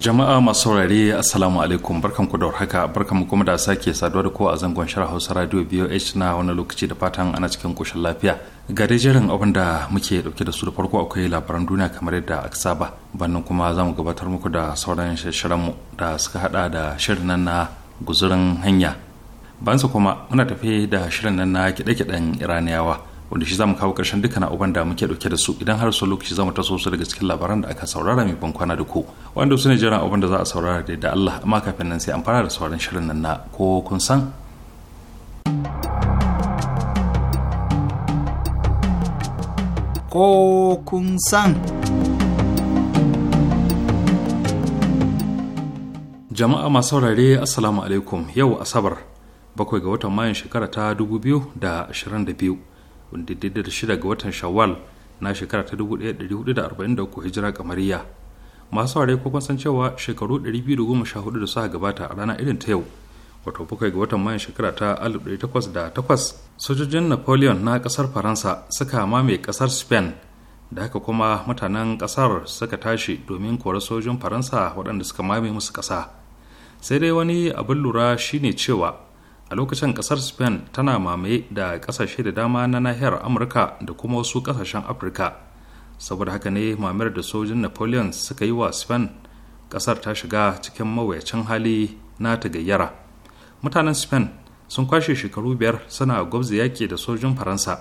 jama'a masu saurare assalamu alaikum barkan ku da warhaka barkan mu kuma da sake saduwa da a zangon shara hausa radio boh na wani lokaci da fatan ana cikin koshin lafiya ga dai jerin abin da muke dauke da su da farko akwai labaran duniya kamar yadda aka saba bannan kuma za mu gabatar muku da sauran shirin mu da suka hada da shirin nan na guzurin hanya bansa kuma muna tafe da shirin nan na kiɗe-kiɗen iraniyawa wanda shi zamu kawo karshen dukkan abubuwan da muke dauke da su idan har su lokaci zamu taso su daga cikin labaran da aka saurara mai ban kwana da ku wanda su ne jiran abubuwan da za a saurara da Allah amma kafin nan sai an fara da sauran shirin nan na ko kun san ko kun san jama'a masu saurare assalamu alaikum yau asabar bakwai ga watan mayan shekara ta 2022 wanda daidai da shida ga watan shawwal na shekara ta 1443 hijira kamariya masu ware ko kun san cewa shekaru 214 da suka gabata a ranar irin ta yau wato bakwai ga watan mayan shekara ta 1808 sojojin napoleon na kasar faransa suka mamaye kasar spain da haka kuma mutanen kasar suka tashi domin kora sojin faransa waɗanda suka mamaye musu ƙasa sai dai wani abin lura shine cewa a lokacin kasar spain tana mamaye da kasashe da dama na nahiyar amurka da kuma wasu kasashen afirka saboda haka ne mamayar da sojin napoleon suka yi wa spain kasar ta shiga cikin mawuyacin hali na gayyara mutanen spain sun kwashe shekaru biyar suna gwabza yaƙi da sojin faransa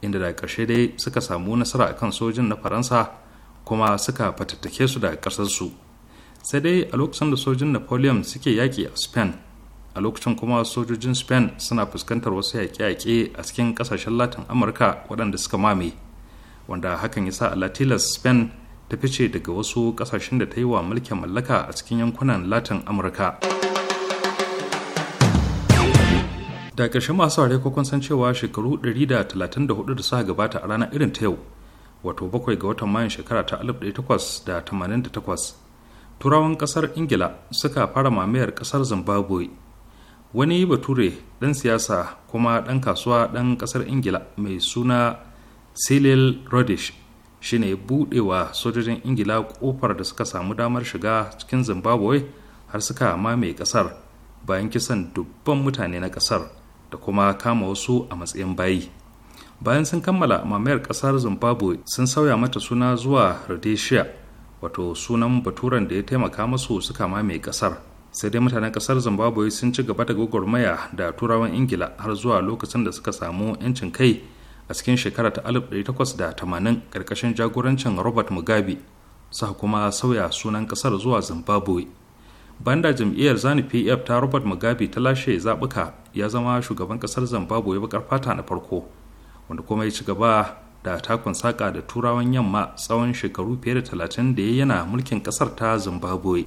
inda da ƙarshe dai suka samu nasara akan sojin na faransa kuma suka fatattake su da ƙasarsu sai dai a lokacin da sojin napoleon suke yaƙi a spain a lokacin kuma sojojin spain suna fuskantar wasu yaƙe-yaƙe a cikin ƙasashen latin amurka waɗanda suka mame wanda hakan ya sa alatilas spain ta fice daga wasu ƙasashen da ta yi wa mulkin mallaka a cikin yankunan latin amurka da ƙarshe masu ware kun san cewa shekaru 134 da suka gabata a ranar irin ta yau wato bakwai ga watan mayun shekara ta 1888 turawan ƙasar ingila suka fara mamayar ƙasar zimbabwe wani bature ɗan siyasa kuma ɗan kasuwa ɗan ƙasar ingila mai suna silil rodish shine ya buɗe sojojin ingila ƙofar da suka samu damar shiga cikin zimbabwe har suka mamaye ƙasar bayan kisan dubban mutane na ƙasar da kuma kama wasu a matsayin bayi bayan sun kammala mamayar ƙasar zimbabwe sun sauya mata suna zuwa rhodesia wato sunan baturen da ya taimaka masu suka mamaye ƙasar sai dai mutanen kasar zimbabwe sun ci gaba da gwagwarmaya da turawan ingila har zuwa lokacin da suka samu 'yancin kai a cikin shekara ta alif da tamanin karkashin jagorancin robert mugabe sa kuma sauya sunan kasar zuwa zimbabwe banda jam'iyyar zani pf ta robert mugabe ta lashe zaɓuka ya zama shugaban kasar zimbabwe bakar fata na farko wanda kuma ya ci gaba da takun saƙa da turawan yamma tsawon shekaru fiye da talatin da ya yana mulkin kasar ta zimbabwe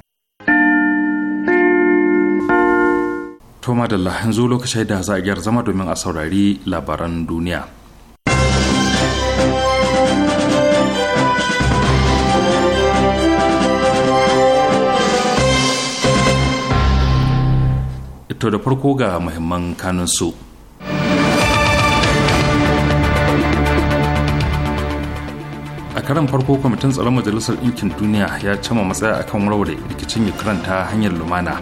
To madalla yanzu lokacin da za a gyara zama domin a saurari labaran duniya. Ito da farko ga muhimman kanunsu. a karan farko kwamitin tsaron majalisar ɗinkin duniya ya cama matsaya akan warware rikicin ukraine ta hanyar lumana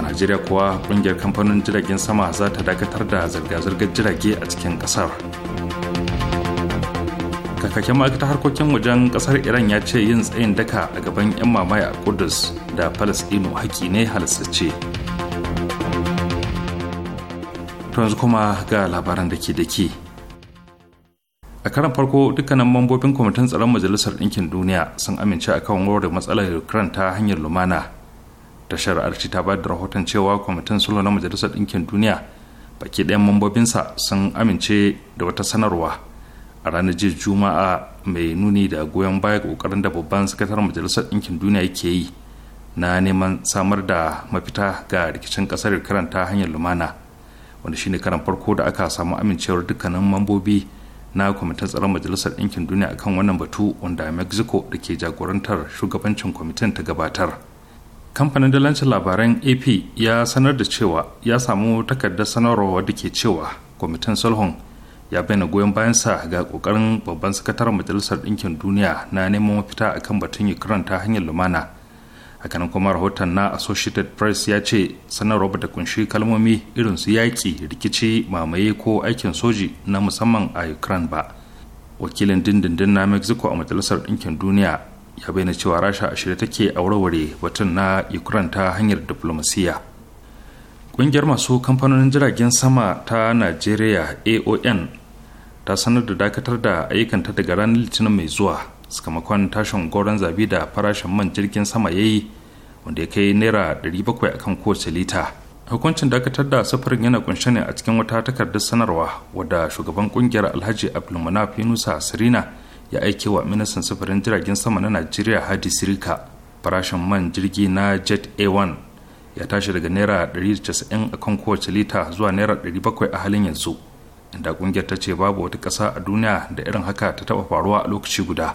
a najeriya kuwa kungiyar kamfanin jiragen sama za ta dakatar da zirga-zirgar jirage a cikin kasar kakakken ma'aikatar harkokin wajen ƙasar iran ya ce yin tsayin daka a gaban 'yan mamaya a kudus da palestino haƙi ne halastace yanzu kuma ga labaran da ke da ke a karan farko dukkanin mambobin kwamitin tsaron majalisar ɗinkin duniya sun amince a kan warware matsalar ukraine ta hanyar lumana tashar arci ta ba da rahoton cewa kwamitin sulhu na majalisar ɗinkin duniya baki ɗayan mambobinsa sun amince da wata sanarwa a ranar jiya juma'a mai nuni da goyon baya ga ƙoƙarin da babban sakataren majalisar ɗinkin duniya ke yi na neman samar da mafita ga rikicin ƙasar ukraine ta hanyar lumana wanda shine karan farko da aka samu amincewar dukkanin mambobi na kwamitin tsaron majalisar ɗinkin duniya akan wannan batu wanda mexico da ke jagorantar shugabancin kwamitin ta gabatar kamfanin dalancin labaran ap ya sanar da cewa ya samu takardar sanarwa da ke cewa kwamitin sulhun ya bayyana goyon bayansa ga kokarin babban sakataren majalisar ɗinkin duniya na neman mafita akan batun ukraine ta hanyar lumana hakanan kuma rahoton na associated press ya ce sanarwa bata kunshi kalmomi irin su yaƙi rikici mamaye ko aikin soji na musamman a ukraine ba wakilin dindindin na mexico a majalisar ɗinkin duniya ya bayyana cewa rasha a shirye take a warware batun na ukraine ta hanyar diplomasiya ƙungiyar masu kamfanonin jiragen sama ta najeriya aon ta sanar da dakatar da ayyukanta daga ranar litinin mai zuwa sakamakon tashin goron zabi da farashin man jirgin sama ya yi wanda ya kai naira 700 a kan kowace lita hukuncin dakatar da sufurin yana kunshe ne a cikin wata takardar sanarwa wadda shugaban kungiyar alhaji abdulmanaf yunusa sirina ya aike wa ministan sufurin jiragen sama na najeriya hadi sirika farashin man jirgi na jet a1 ya tashi daga naira 190 a kan kowace lita zuwa naira 700 a halin yanzu inda kungiyar ta ce babu wata ƙasa a duniya da irin haka ta taɓa faruwa a lokaci guda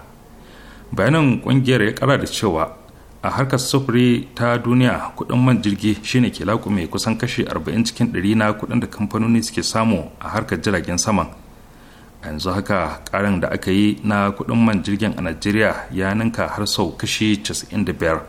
bayanan kungiyar ya kara da cewa a harkar sufuri ta duniya kudin man jirgi shine ke laƙume kusan kashi 40 cikin 100 na kudin da kamfanoni suke samu a harkar jiragen saman yanzu haka karin da aka yi na kudin man jirgin a najeriya ya ninka har sau kashi 95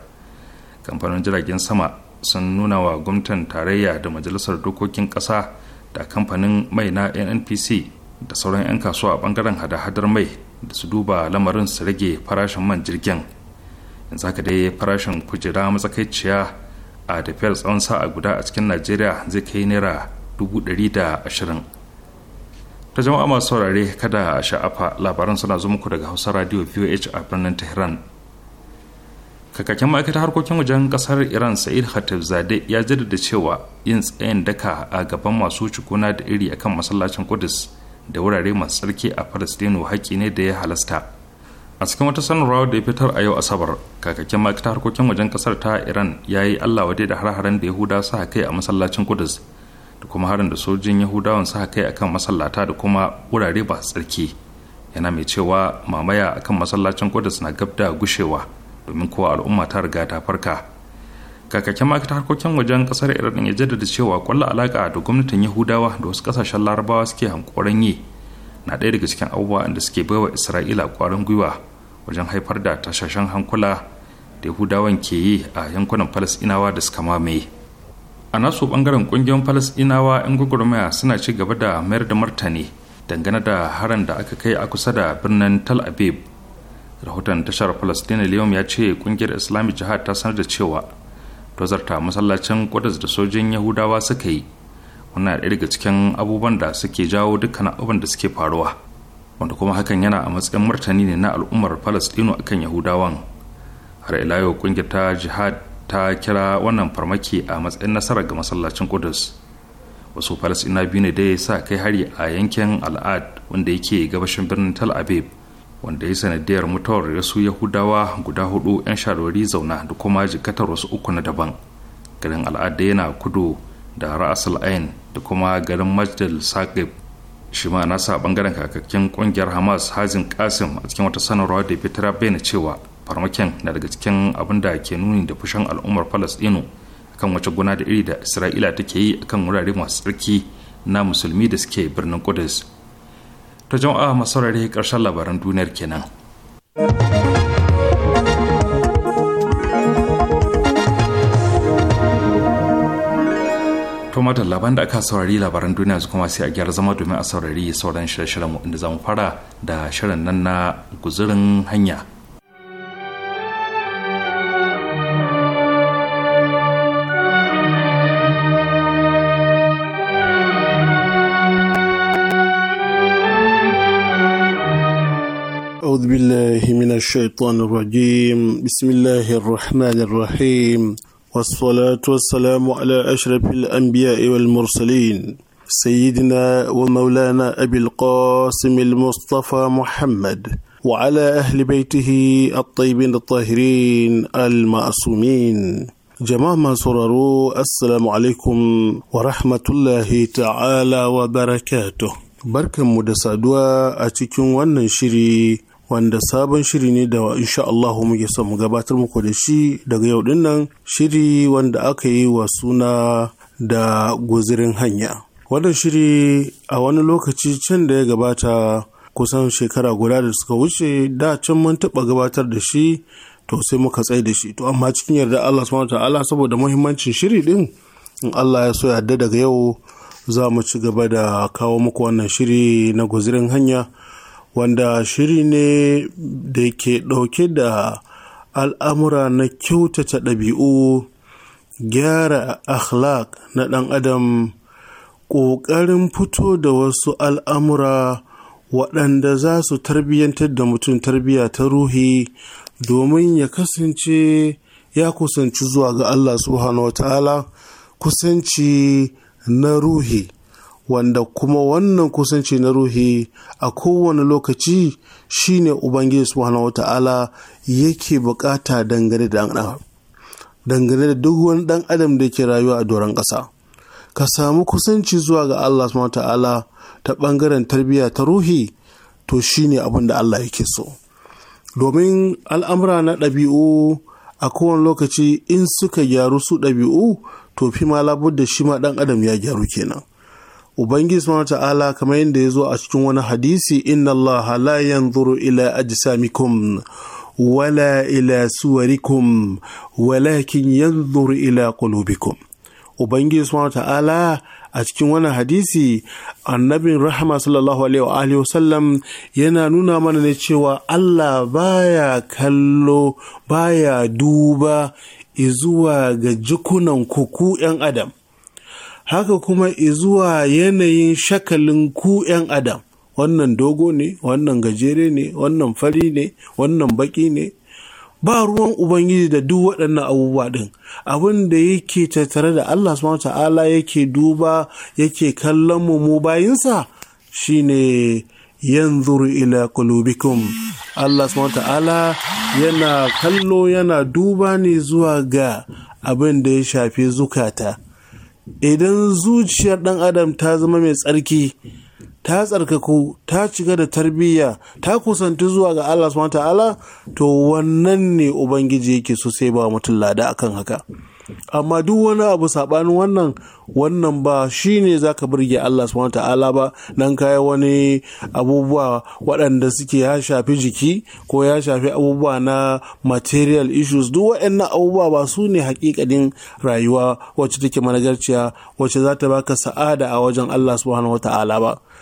kamfanin jiragen sama sun nuna wa gwamnatin tarayya da majalisar dokokin ƙasa da kamfanin mai na nnpc da sauran 'yan kasuwa a bangaren hada-hadar mai da su duba lamarin su rage farashin man jirgin yanzu haka dai farashin kujera matsakaiciya a tafiyar tsawon sa'a guda a cikin najeriya zai kai naira ashirin. ta jama'a masu saurare kada a sha'afa labaran suna zo muku daga hausa radio voh a birnin tehran kakakin ma'aikatar harkokin wajen kasar iran sa'id khatib zade ya jaddada cewa yin tsayin daka a gaban masu cikuna da iri akan masallacin kudus da wurare masu tsarki a falastinu haƙƙi ne da ya halasta a cikin wata sanarwa da ya fitar a yau asabar kakakin ma'aikatar harkokin wajen kasar ta iran ya yi allah wade da har-haren da yahuda sa kai a masallacin kudus da kuma harin da sojin yahudawan suka kai akan masallata da kuma wurare ba tsarki yana mai cewa mamaya akan masallacin kudus na gab da gushewa domin kowa al'umma ta riga ta farka kakakken ma'aikata harkokin wajen kasar iran ya jaddada cewa kwallo alaka da gwamnatin yahudawa da wasu kasashen larabawa suke hankoran yi na ɗaya daga cikin abubuwa da suke baiwa isra'ila kwarin gwiwa wajen haifar da tashashen hankula da yahudawan ke yi a yankunan falasinawa da suka mamaye a nasu bangaren kungiyar falasdinawa 'yan gwagwarmaya suna ci gaba da mayar da martani dangane da harin da aka kai a kusa da birnin tal abib rahoton tashar falasdina liyom ya ce kungiyar islamic jihad ta sanar da cewa tozarta masallacin kudus da sojin yahudawa suka yi wannan ɗaya daga cikin abubuwan da suke jawo dukkan abubuwan da suke faruwa wanda kuma hakan yana a matsayin martani ne na al'ummar palestino akan yahudawan har ila yau kungiyar ta jihad ta kira wannan farmaki a matsayin nasara ga masallacin kudus wasu falasina biyu ne da ya sa kai hari a yankin al'ad wanda yake gabashin birnin tal abib wanda ya sanadiyar mutuwar yasu yahudawa guda hudu 'yan sharwari zauna da kuma jikatar wasu uku na daban garin al'ad yana kudu da ra'asal ain da kuma garin majdal saqib shi ma nasa bangaren kakakkin kungiyar hamas hazin kasim a cikin wata sanarwa da fitar bayyana cewa farmakin na daga cikin abin da ke nuni da fushin al'ummar palestino kan wace guna da iri da isra'ila take yi kan wurare masu tsarki na musulmi da suke birnin kudus ta jama'a masaurare karshen labaran duniyar kenan kuma da labaran da aka saurari labaran duniya su kuma sai a gyara zama domin a saurari sauran shirye-shiryen inda za mu fara da shirin nan na guzurin hanya الشيطان الرجيم بسم الله الرحمن الرحيم والصلاة والسلام على أشرف الأنبياء والمرسلين سيدنا ومولانا أبي القاسم المصطفى محمد وعلى أهل بيته الطيبين الطاهرين المعصومين جماعة سرروا السلام عليكم ورحمة الله تعالى وبركاته بركة da saduwa a wanda sabon shiri ne da insha Allahu muke son mu gabatar muku da shi daga yau din nan shiri wanda aka yi wa suna da guzirin hanya. Wannan shiri a wani lokaci can da ya gabata kusan shekara guda da suka wuce da can mun taɓa gabatar da shi to sai muka tsaye da shi to amma cikin yarda Allah subhanahu ta'ala saboda muhimmancin shiri din in Allah ya so yarda daga yau za mu ci gaba da kawo muku wannan shiri na guzirin hanya. wanda shiri ne da ke ɗauke da al'amura na kyautata ɗabi'u gyara akhlaq na ɗan adam ƙoƙarin fito da wasu al'amura waɗanda za su tarbiyyantar da mutum tarbiyya ta ruhi domin ya kasance ya kusanci zuwa ga Allah subhanahu wa ta'ala kusanci na ruhi wanda kuma wannan kusanci na ruhi a kowane lokaci shine ubangiji subhanahu ta'ala yake bukata dangane da dangane da duk wani ɗan adam da ke rayuwa a doron ƙasa ka samu kusanci zuwa ga allah subhanahu ta'ala ta bangaren tarbiyya ta ruhi to shine abin da allah yake so domin al'amura na ɗabi'u a kowane lokaci in suka gyaru su ɗabi'u to fi ma labar da shi ma ɗan adam ya gyaru kenan ubangiji subhanahu ta'ala kamar yadda ya zo a cikin wani hadisi inna allaha la yanzuru ila ajsamikum wala ila suwarikum walakin yanzuru ila qulubikum ubangiji subhanahu ta'ala a cikin wani hadisi annabin rahama sallallahu alaihi wa sallam, yana nuna mana ne cewa Allah baya kallo baya duba izuwa ga jikunan kuku 'yan adam haka kuma zuwa yanayin shakalin ku 'yan adam wannan dogo ne wannan gajere ne wannan fari ne wannan baki ne ba ruwan ubangiji da duk waɗannan abubuwa ɗin abin da yake tattare da allah subhanahu ta'ala yake duba yake kallon mu mu bayinsa shine yanzuru ila qulubikum allah subhanahu ta'ala yana kallo yana duba ne zuwa ga abin da ya shafi zukata idan zuciyar ɗan adam ta zama mai tsarki ta tsarkaku ta cika da tarbiyya ta kusanci zuwa ga Allah subhanahu ta'ala to wannan ne ubangiji yake so sai ba mutum lada akan haka amma duk wani abu saɓanin wannan wannan ba shi ne za ka birge Allah subhanahu ta'ala ba nan kaya wani abubuwa waɗanda suke ya shafi jiki ko ya shafi abubuwa na material issues duk waɗannan abubuwa ba su ne hakikadin rayuwa wacce take managarciya wacce za ta baka sa'ada a wajen Allah subhanahu ta'ala ba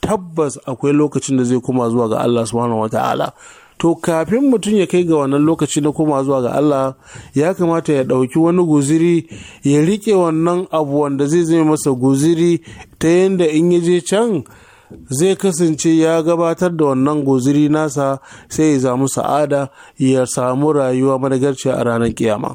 tabbas akwai lokacin da zai koma zuwa ga Allah subhanahu ta'ala to kafin mutum ya kai ga wannan lokaci na koma zuwa ga Allah ya kamata ya ɗauki wani guziri ya riƙe wannan abu wanda zai zai masa guziri ta yadda in ya je can zai kasance ya gabatar da wannan guziri nasa sai ya samu sa'ada ya samu rayuwa madagarci a ranar kiyama.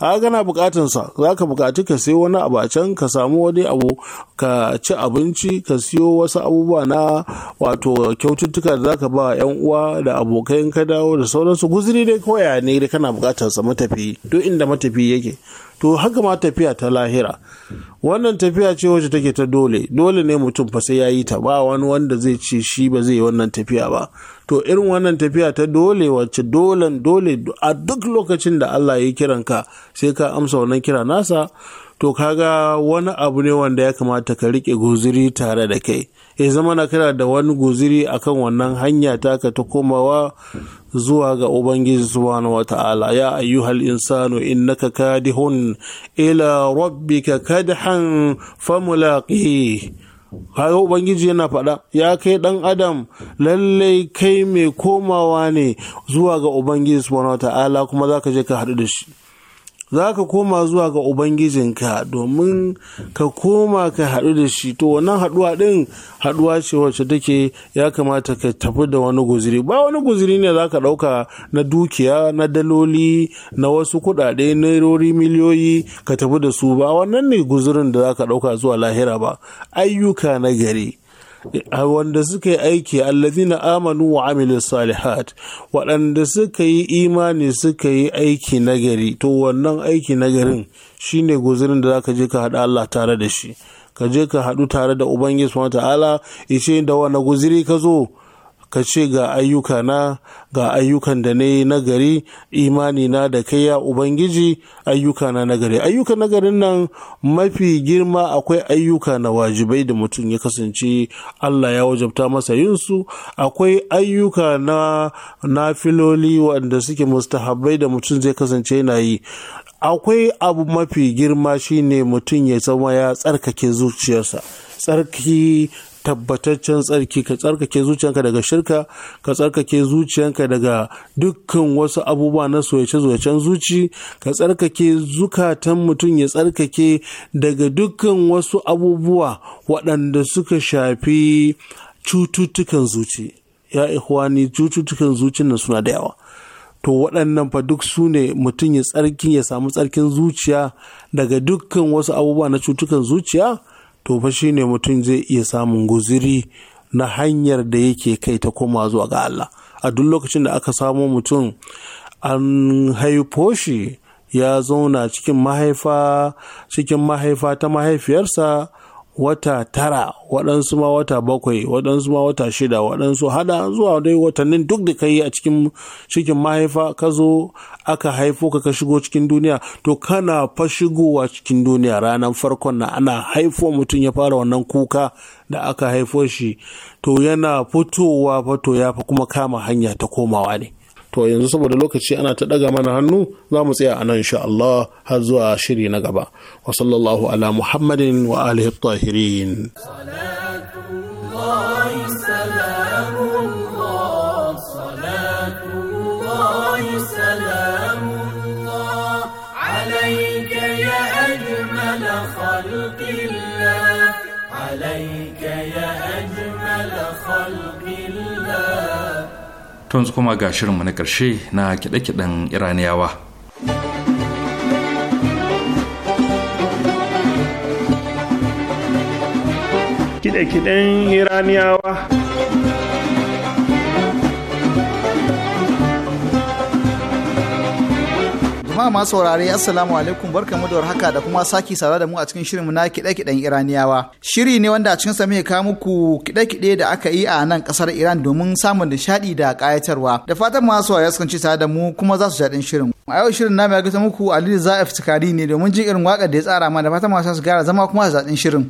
a kana bukatunsa za ka bukaci ka sayo wani abu ka samu wani abu ka ci abinci ka siyo wasu abubuwa na wato kyaututtuka da za ka ba yan uwa da abokan ka dawo da sauransu guzuri dai koya ne kana bukatarsa matafi duk inda matafi yake to haka ma tafiya ta lahira wannan tafiya ce wacce take ta dole dole ne mutum fa sai ya yi ta ba wani wanda zai ce shi ba zai yi wannan tafiya ba to irin wannan tafiya ta dole wacce dolen dole a duk lokacin da Allah ya yi kiranka sai ka amsa wannan kira nasa to kaga wani abu ne wanda ya kamata ka rike guziri tare da kai ya zama na kana da wani guziri akan wannan hanya taka ta komawa zuwa ga ubangiji subhanahu wata'ala ya ayyuhal insanu innaka kadihun ila rabbika kadhan famulaqi kaga ubangiji yana faɗa ya kai dan adam lallai kai mai komawa ne zuwa ga ubangiji subhanahu wata'ala kuma zaka je ka haɗu da shi za ka koma zuwa ga ubangijinka domin ka koma ka haɗu da shi to wannan haɗuwa ɗin haɗuwa ce wacce take ya kamata ka tafi da wani guziri ba wani guziri ne za ka ɗauka na dukiya na daloli na wasu kuɗaɗe nairori miliyoyi ka tafi da su ba wannan ne guzirin da za ka ɗauka zuwa lahira ba ayyuka na gari wanda suka yi aiki allazina amanu wa amilin salihat waɗanda suka yi imani suka yi aiki nagari to wannan aiki nagarin shine guzurin da zaka je ka haɗa Allah tare da shi ka je ka haɗu tare da ubangiji subhanahu ta'ala ishe da wani guziri ka zo ka ce ga na ga ayyukan da na yi nagari imani na da kai ya ubangiji ayyuka na nagari ayyuka nagarin nan mafi girma akwai ayyuka na wajibai da mutum ya kasance allah ya wajabta masa yin su akwai ayyuka na nafiloli wanda suke mustahabbai da mutum zai kasance yana yi akwai abu mafi girma shine mutum ya zama ya tsarkake zuciyarsa tsarki tabbataccen tsarki ka tsarkake zuciyanka daga shirka ka tsarkake zuciyanka daga dukkan wasu abubuwa na soyace-soyacen zuci ka tsarkake zukatan mutum ya tsarkake daga dukkan wasu abubuwa waɗanda suka shafi cututtukan zuci ya ni cututtukan zuci na suna da yawa to waɗannan fa duk su ne mutum ya tsarkin ya samu tsarkin zuciya daga dukkan wasu abubuwa na cutukan zuciya to fa shine mutum zai iya samun guziri na hanyar da yake kai ta koma zuwa ga Allah a duk lokacin da aka samo mutum an haifo shi ya zauna cikin mahaifa cikin mahaifa ta mahaifiyarsa wata tara waɗansu ma wata bakwai waɗansu ma wata shida waɗansu hada zuwa dai watannin duk da ka a cikin cikin mahaifa ka zo aka haifo ka ka shigo cikin duniya to kana fa shigowa cikin duniya ranar farkon na ana haifo mutum ya fara wannan kuka da aka haifo shi to yana fitowa fa to ya fa kuma kama hanya ta komawa ne to yanzu saboda lokaci ana ta daga mana hannu za mu tsaya a nan insha Allah har zuwa shiri na gaba wa sallallahu ala muhammadin wa alihi tahirin tun kuma ga shirinmu na ƙarshe na kiɗe-kiɗen iraniyawa kiɗe-kiɗen iraniyawa jama'a masu saurare assalamu alaikum barkamu da warhaka da kuma saki saurare da mu a cikin shirin na kiɗe-kiɗen iraniyawa shiri ne wanda a cikin sa muke kawo muku kiɗe-kiɗe da aka yi a nan kasar iran domin samun nishadi da kayatarwa. da fatan masu saurare su ci tare da mu kuma za su ji shirin a yau shirin na ga gata muku aliyu za'if tikari ne domin jin irin waƙar da ya tsara mana da fatan masu su gara zama kuma su daɗin shirin.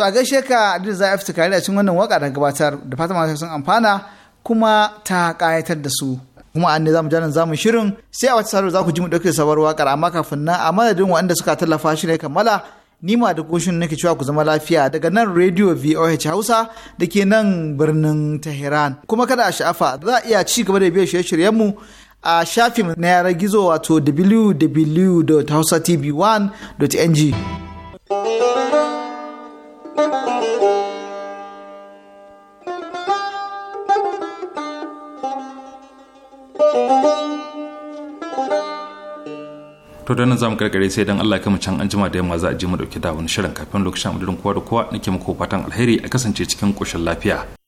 to a gaishe ka adil za a fita kare a cikin wannan waka da gabatar da fata masu sun amfana kuma ta kayatar da su kuma an ne zamu za zamu shirin sai a wata sarar za ku ji mu dauke sabar wakar amma kafin nan a madadin waɗanda suka tallafa shi ne kammala ni ma da koshin nake cewa ku zama lafiya daga nan radio VOH Hausa da ke nan birnin Tehran kuma kada a sha'afa za a iya ci gaba da biyan shirye-shiryen mu a shafin na yara gizo wato www.hausatv1.ng to da nan zamu karkare sai dan Allah ya kama can an da yamma za a je mu dauke da wani shirin kafin lokacin mu kowa da kowa nake muku fatan alheri a kasance cikin koshin lafiya